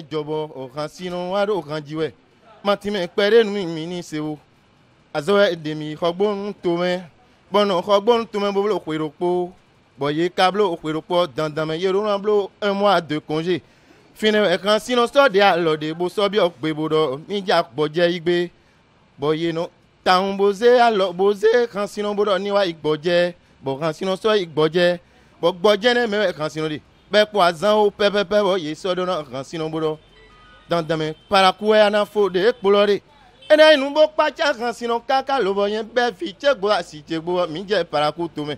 ẹ jọbọ ọkan sínú wàdó ọkan jíwẹ màtìmẹ pẹrẹnu mi ní sewo azọwẹ dèmí xɔgbónu tome bọnà xɔgbónu tome bọbolo òkpèròkpo bọyé kablo òkpèròkpo dandamẹ yẹrọnà blo ẹmọ àdè kònjé finẹ ẹkan sínú sọdẹ alọdẹ bó sọbi ọgbẹbọdọ níjà gbọjẹ igbe bọyé nọ tàwọn bóze alọ bóze kan sínú bọdọ níwá ìgbọjẹ bọ kan sínú sọ ìgbọjẹ bọ gbọjẹ nẹ mẹwẹ kan sínú de kpɛkpɔ azãwo pɛpɛpɛ wɔ yesɔ ɖo na hãsinɔbo ɖɔ dandame parakue anafo ɖe ekplɔ ɖe ena nubo kpatsa hãsinɔ kaka lobɔ nye bɛ fi tsegbo asi tsegbo mi dze paraku tome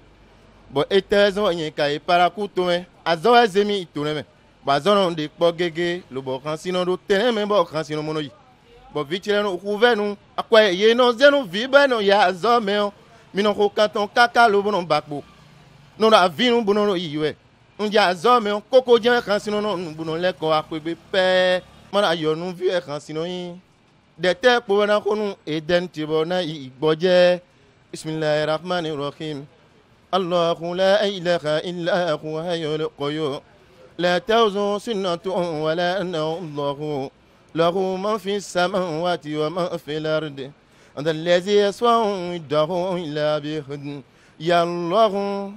bɔn ete zɔn nye ka ye paraku tome azɔ eze mi to ne me bɔn azɔnɔ ɖe kpɔ gege lobɔ hãsinɔ ɖo te ne me bɔ hãsinɔ mɔnɔ yi bɔn vitsire no kuvɛ nu akɔye ye nɔ zenu vi bɛ nɔ ya azɔ mɛ o minɔ ko katã kaka lobɔ nɔ bakpo nɔ avi nu bonɔ yi wɛ nje azɔme koko dze kan sinu no nubunu lɛ kɔ akpebe pɛɛ mɔna yɔnu vi kan sinu yi dɛtɛ kpowɛ na kɔnu eden ti bɔ na igbɔdze bisimilayi rahman rahim alahu la ilaha illa hu hayɔl kɔyɔ sinatu wala anahu lahu ma fi sama waati wa ma fi larde. أنت الذي يسوع يده إلا بهدن يالله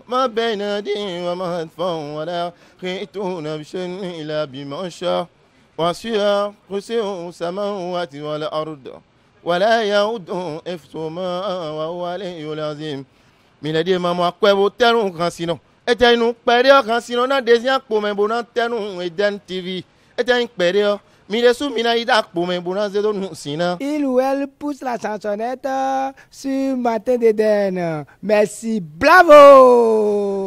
ما بين يدي وما هدفا ولا يحيطون بشيء إلا بما شاء وسع كرسيه السماوات والأرض ولا يؤوده حفظهما وهو العلي العظيم mi lè di ẹ máa mọ akpẹ́wò tẹ́rùn kan sí náà ẹ̀tẹ̀ inú pẹ̀rẹ́ kan sí náà náà dèzí àpò mẹ́bò náà tẹ́rùn ẹ̀dẹ́n tv ẹ̀tẹ̀ inú pẹ̀rẹ́ Mi lesu mi nan idak pou men bunan zedo nou sinan. Il ou el pous la sansonet, euh, si maten deden. Mersi, blavo!